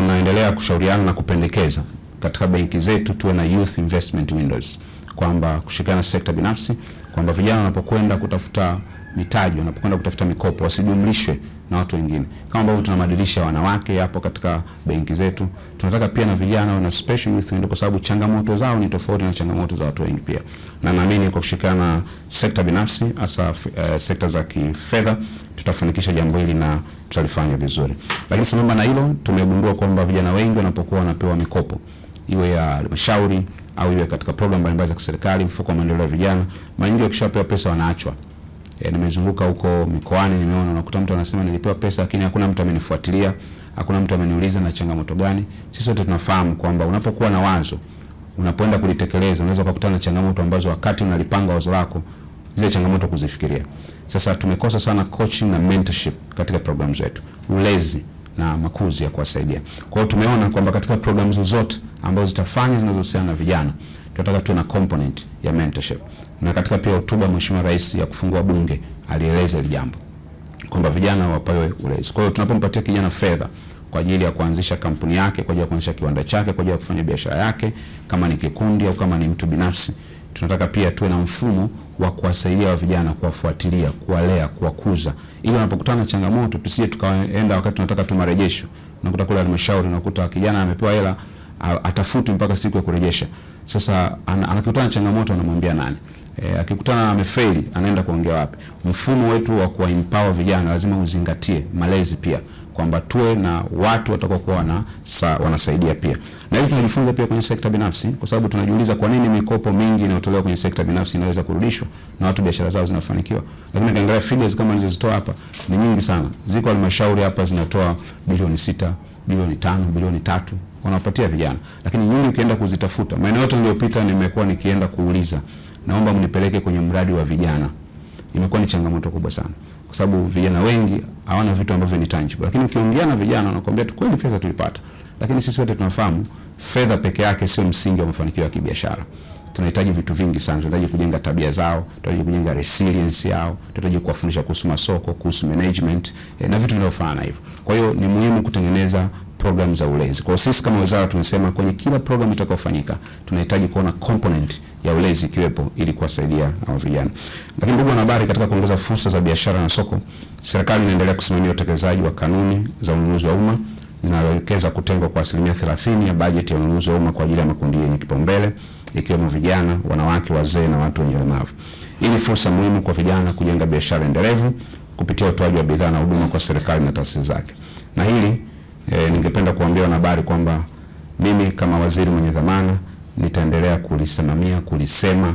tunaendelea kushauriana na kupendekeza katika benki zetu tuwe na youth investment windows, kwamba kushirikiana na sekta binafsi, kwamba vijana wanapokwenda kutafuta mitaji, wanapokwenda kutafuta mikopo wasijumlishwe na watu wengine, kama ambavyo tuna madirisha wanawake hapo katika benki zetu, tunataka pia na vijana na special youth, kwa sababu changamoto zao ni tofauti na changamoto za watu wengi pia, na naamini kwa kushirikiana sekta binafsi hasa uh, sekta za kifedha tutafanikisha jambo hili na tutalifanya vizuri. Lakini sambamba na hilo, tumegundua kwamba vijana wengi wanapokuwa wanapewa mikopo iwe ya halmashauri au iwe katika programu mbalimbali za kiserikali, mfuko wa maendeleo ya vijana, mara nyingi wakishapewa pesa wanaachwa E, nimezunguka huko mikoani, nimeona unakuta mtu anasema nilipewa pesa, lakini hakuna mtu amenifuatilia, hakuna mtu ameniuliza na changamoto gani. Sisi wote tunafahamu kwamba unapokuwa na wazo unapoenda kulitekeleza unaweza kukutana na changamoto ambazo wakati unalipanga wazo lako zile changamoto kuzifikiria. Sasa tumekosa sana coaching na mentorship katika programu zetu, ulezi na makuzi ya kuwasaidia. Kwa hiyo tumeona kwamba katika programu zote ambazo zitafanya zinazohusiana na vijana tunataka tuwe na component ya mentorship. Na katika pia hotuba Mheshimiwa Rais ya kufungua bunge alieleza hili jambo kwamba vijana wapewe ulezi. Kwa hiyo tunapompatia kijana fedha kwa ajili ya kuanzisha kampuni yake, kwa ajili ya kuanzisha kiwanda chake, kwa ajili ya kufanya biashara yake, kama ni kikundi au kama ni mtu binafsi, tunataka pia tuwe na mfumo wa kuwasaidia wa vijana, kuwafuatilia, kuwalea, kuwakuza, ili wanapokutana changamoto tusije tukaenda wakati tunataka tu marejesho, unakuta kule halmashauri, unakuta kijana amepewa hela atafuti mpaka siku ya kurejesha. Sasa an, anakutana na changamoto, anamwambia nani? E, akikutana amefeli anaenda kuongea wapi? Mfumo wetu wa kuwa empower vijana lazima uzingatie malezi pia kwamba tuwe na watu watakokuwa wana, wanasaidia pia, na hili tunajifunza pia kwenye sekta binafsi, kwa sababu tunajiuliza kwa nini mikopo mingi inayotolewa kwenye sekta binafsi inaweza kurudishwa na watu biashara zao zinafanikiwa. Lakini ukiangalia figures kama nilizozitoa hapa ni nyingi sana, ziko halmashauri hapa zinatoa bilioni sita bilioni tano, bilioni tatu wanawapatia vijana, lakini nyingi ukienda kuzitafuta maeneo yote niliyopita, nimekuwa nikienda kuuliza, naomba mnipeleke kwenye mradi wa vijana. Imekuwa ni changamoto kubwa sana, kwa sababu vijana wengi hawana vitu ambavyo ni tangible, lakini ukiongea na vijana wanakuambia tu kweli pesa tuipata, lakini sisi wote tunafahamu fedha peke yake sio msingi wa mafanikio ya kibiashara tunahitaji vitu vingi sana. Tunahitaji kujenga tabia zao, tunahitaji kujenga resilience yao, tunahitaji kuwafundisha kuhusu masoko, kuhusu management e, na vitu vinavyofanana hivyo. Kwa hiyo ni muhimu kutengeneza programu za ulezi. Kwa hiyo sisi kama wizara tumesema kwenye kila programu itakayofanyika tunahitaji kuona component ya ulezi ikiwepo ili kuwasaidia hao vijana. Lakini ndugu wanahabari, katika kuongeza fursa za biashara na soko, serikali inaendelea kusimamia utekelezaji wa kanuni za ununuzi wa umma inawekeza kutengwa kwa asilimia 30 ya bajeti ya ununuzi wa umma kwa ajili ya makundi yenye kipaumbele ikiwemo vijana, wanawake, wazee na watu wenye ulemavu. Hii ni fursa muhimu kwa vijana kujenga biashara endelevu kupitia utoaji wa bidhaa na huduma kwa serikali na taasisi zake. Na hili e, ningependa kuambia wanahabari kwamba mimi kama waziri mwenye dhamana nitaendelea kulisimamia, kulisema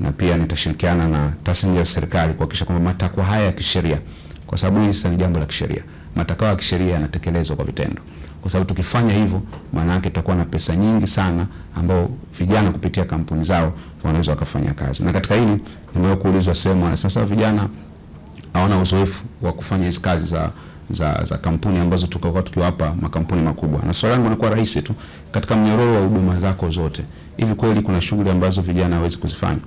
na pia nitashirikiana na taasisi za serikali kuhakikisha kwamba matakwa haya ya kisheria, kwa sababu hili ni jambo la kisheria matakao ya kisheria yanatekelezwa kwa vitendo, kwa sababu tukifanya hivyo, maana yake tutakuwa na pesa nyingi sana ambao vijana kupitia kampuni zao wanaweza wakafanya kazi. Na katika hili nimewahi kuulizwa sehemu, wanasema vijana hawana uzoefu wa kufanya hizi kazi za za, za kampuni ambazo tukakuwa tukiwapa makampuni makubwa, na swali langu linakuwa rahisi tu, katika mnyororo wa huduma zako zote, hivi kweli kuna shughuli ambazo vijana hawezi kuzifanya?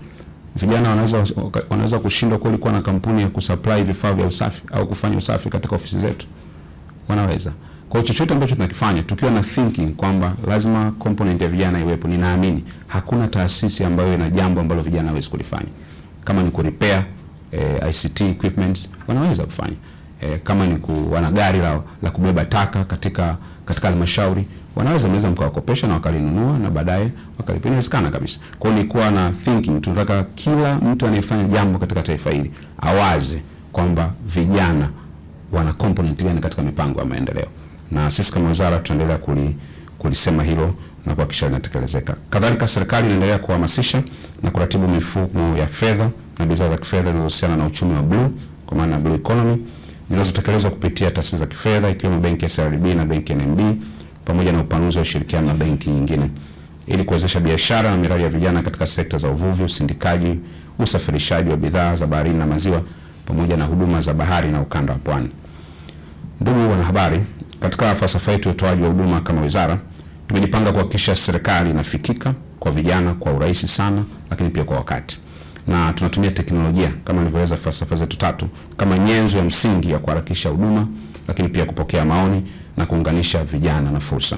vijana wanaweza wanaweza kushindwa kweli kuwa na kampuni ya kusupply vifaa vya usafi au kufanya usafi katika ofisi zetu, wanaweza. Kwa hiyo chochote ambacho tunakifanya tukiwa na thinking kwamba lazima component ya vijana iwepo, ninaamini hakuna taasisi ambayo ina jambo ambalo vijana hawezi kulifanya. Kama ni ku eh, ICT equipments wanaweza kufanya eh, kama ni wana gari la, la kubeba taka katika katika halmashauri wanaweza mnaweza mkawakopesha na wakalinunua na baadaye wakalipia. Inawezekana kabisa. Kwa hiyo nilikuwa na thinking, tunataka kila mtu anayefanya jambo katika taifa hili awaze kwamba vijana wana component gani katika mipango ya maendeleo, na sisi kama wizara tutaendelea kuli, kulisema hilo na kuhakikisha linatekelezeka. Kadhalika, serikali inaendelea kuhamasisha na kuratibu mifumo ya fedha na bidhaa za kifedha zinazohusiana na uchumi wa bluu, kwa maana blue economy zinazotekelezwa kupitia taasisi za kifedha ikiwemo benki ya CRDB na benki ya NMB pamoja na upanuzi wa ushirikiano na benki nyingine ili kuwezesha biashara na miradi ya vijana katika sekta za uvuvi, usindikaji, usafirishaji wa bidhaa za baharini na maziwa pamoja na huduma za bahari na ukanda wa pwani. Ndugu wanahabari, katika falsafa yetu ya utoaji wa huduma kama wizara, tumejipanga kuhakikisha serikali inafikika kwa vijana kwa urahisi sana, lakini pia kwa wakati na tunatumia teknolojia kama nilivyoeleza falsafa zetu tatu kama nyenzo ya msingi ya kuharakisha huduma, lakini pia kupokea maoni na kuunganisha vijana na fursa.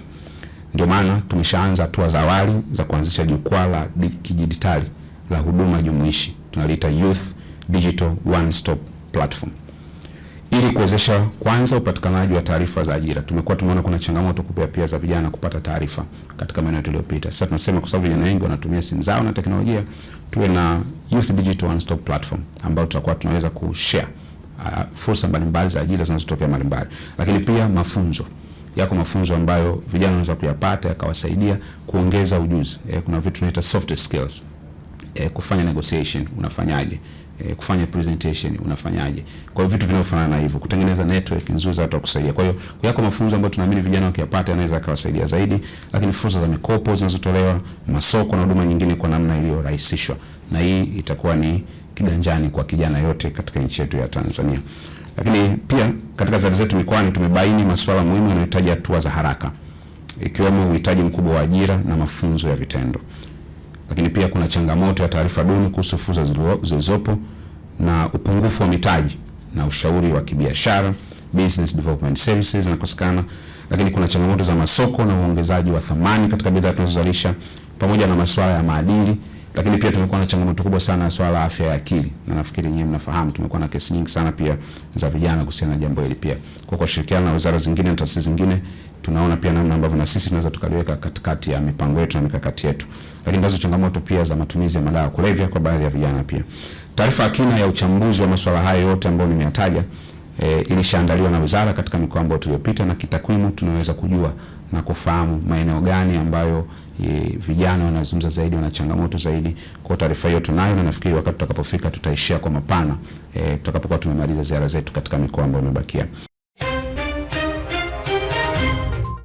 Ndio maana tumeshaanza hatua za awali za kuanzisha jukwaa la kidijitali la huduma jumuishi tunaliita Youth Digital One Stop Platform ili kuwezesha kwanza upatikanaji wa taarifa za ajira. Tumekuwa tumeona kuna changamoto kubwa pia za vijana kupata taarifa katika maeneo yaliyopita. Sasa tunasema kwa sababu vijana wengi wanatumia simu zao na teknolojia, tuwe na Youth Digital One Stop Platform ambayo tutakuwa tunaweza kushare uh, fursa mbalimbali za ajira zinazotokea mbalimbali, lakini pia mafunzo yako mafunzo ambayo vijana wanaweza kuyapata yakawasaidia kuongeza ujuzi. Eh, kuna vitu tunaita soft skills eh, kufanya negotiation unafanyaje eh, kufanya presentation unafanyaje? Kwa hiyo vitu vinavyofanana na hivyo, kutengeneza network nzuri za watu kusaidia. Kwa hiyo yako mafunzo ambayo tunaamini vijana wakiyapata yanaweza kawasaidia zaidi, lakini fursa za mikopo zinazotolewa, masoko na huduma nyingine kwa namna iliyorahisishwa, na hii itakuwa ni kiganjani kwa kijana yote katika nchi yetu ya Tanzania. Lakini pia katika ziara zetu mikoani tumebaini masuala muhimu yanayohitaji hatua za haraka ikiwemo uhitaji mkubwa wa ajira na mafunzo ya vitendo lakini pia kuna changamoto ya taarifa duni kuhusu fursa zilizopo na upungufu wa mitaji na ushauri wa kibiashara business development services inakosekana, lakini kuna changamoto za masoko na uongezaji wa thamani katika bidhaa tunazozalisha pamoja na masuala ya maadili, lakini pia tumekuwa na changamoto kubwa sana ya swala la afya ya akili, na nafikiri nyinyi mnafahamu, tumekuwa na kesi nyingi sana pia za vijana kuhusiana na jambo hili pia. Kwa kushirikiana na wizara zingine na taasisi zingine tunaona pia namna ambavyo na sisi tunaweza tukaliweka katikati ya mipango yetu na mikakati yetu, lakini nazo changamoto pia za matumizi ya madawa kulevya kwa baadhi ya vijana pia. Taarifa ya kina ya uchambuzi wa masuala hayo yote ambayo nimeyataja e, ilishaandaliwa na wizara katika mikoa ambayo tuliyopita, na kitakwimu tunaweza kujua na kufahamu maeneo gani ambayo e, vijana wanazungumza zaidi, wana changamoto zaidi. Kwa taarifa hiyo tunayo, na nafikiri wakati tutakapofika tutaishia kwa mapana e, tutakapokuwa tumemaliza ziara zetu katika mikoa ambayo imebakia.